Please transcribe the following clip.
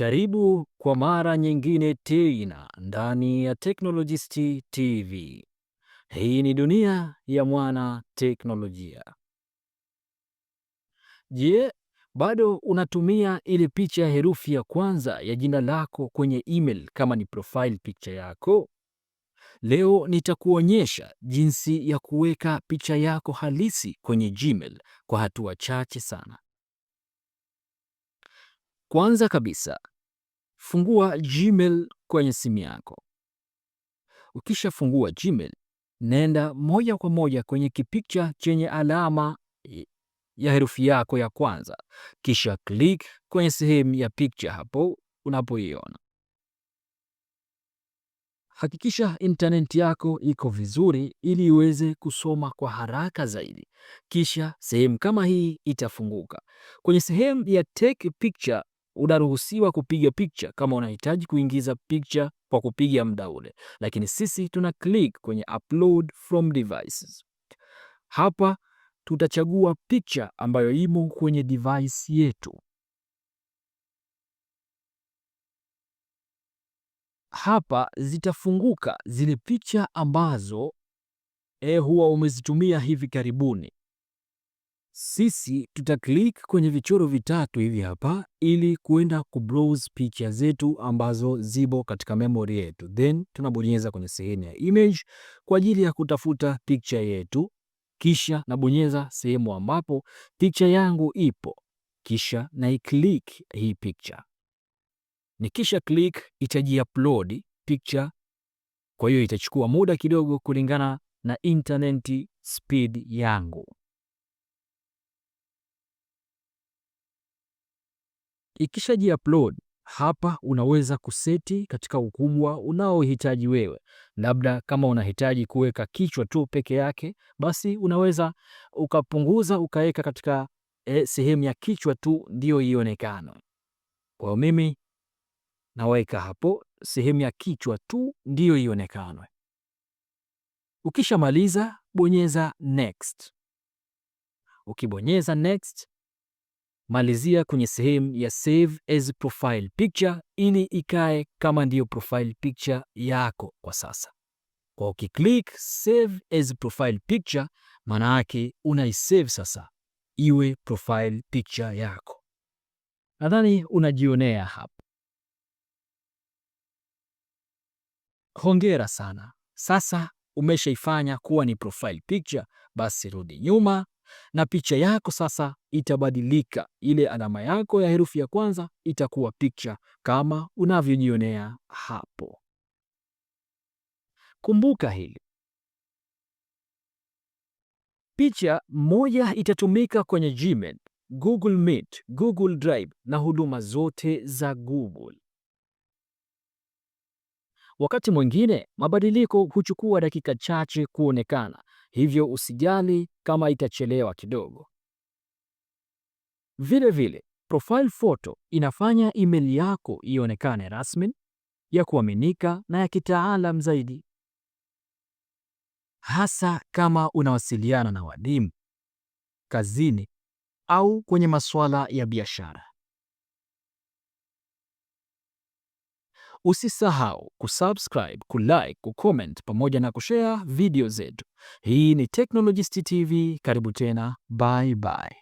Karibu kwa mara nyingine tena ndani ya Technologist TV. Hii ni dunia ya mwana teknolojia. Je, bado unatumia ile picha ya herufi ya kwanza ya jina lako kwenye email kama ni profile picture yako? Leo nitakuonyesha jinsi ya kuweka picha yako halisi kwenye Gmail kwa hatua chache sana. Kwanza kabisa fungua Gmail kwenye simu yako. Ukishafungua Gmail, nenda moja kwa moja kwenye kipicha chenye alama ya herufi yako ya kwanza, kisha click kwenye sehemu ya picha hapo unapoiona. Hakikisha intaneti yako iko vizuri ili iweze kusoma kwa haraka zaidi. Kisha sehemu kama hii itafunguka. Kwenye sehemu ya take picture unaruhusiwa kupiga picha kama unahitaji kuingiza picha kwa kupiga muda ule, lakini sisi tuna click kwenye upload from devices. Hapa tutachagua picha ambayo imo kwenye device yetu. Hapa zitafunguka zile picha ambazo e, huwa umezitumia hivi karibuni. Sisi tuta kwenye vichoro vitatu hivi hapa ili kuenda ku picha zetu ambazo zipo katika memory yetu, then tunabonyeza kwenye sehemu ya image kwa ajili ya kutafuta picha yetu, kisha nabonyeza sehemu ambapo picha yangu ipo, kisha na hii picha. Nikisha click itaji upload picha, kwa hiyo itachukua muda kidogo kulingana na internet speed yangu. Ikishaji upload hapa, unaweza kuseti katika ukubwa unaohitaji wewe. Labda kama unahitaji kuweka kichwa tu peke yake, basi unaweza ukapunguza ukaweka katika e, sehemu ya kichwa tu ndiyo ionekane. Kwa mimi naweka hapo sehemu ya kichwa tu ndiyo ionekane. Ukishamaliza bonyeza next. Ukibonyeza next malizia kwenye sehemu ya save as profile picture ili ikae kama ndiyo profile picture yako kwa sasa. Kwa ukiklik save as profile picture, maana yake unaisave sasa iwe profile picture yako. Nadhani unajionea hapa. Hongera sana, sasa umeshaifanya kuwa ni profile picture. Basi rudi nyuma na picha yako sasa itabadilika. Ile alama yako ya herufi ya kwanza itakuwa picha kama unavyojionea hapo. Kumbuka hili, picha moja itatumika kwenye Gmail, Google Meet, Google Drive na huduma zote za Google. Wakati mwingine mabadiliko huchukua dakika chache kuonekana, hivyo usijali kama itachelewa kidogo. Vile vile, profile photo inafanya email yako ionekane rasmi, ya kuaminika na ya kitaalam zaidi, hasa kama unawasiliana na walimu, kazini au kwenye masuala ya biashara. Usisahau kusubscribe, kulike, kucomment pamoja na kushare video zetu. Hii ni Technologist TV. Karibu tena, bye bye.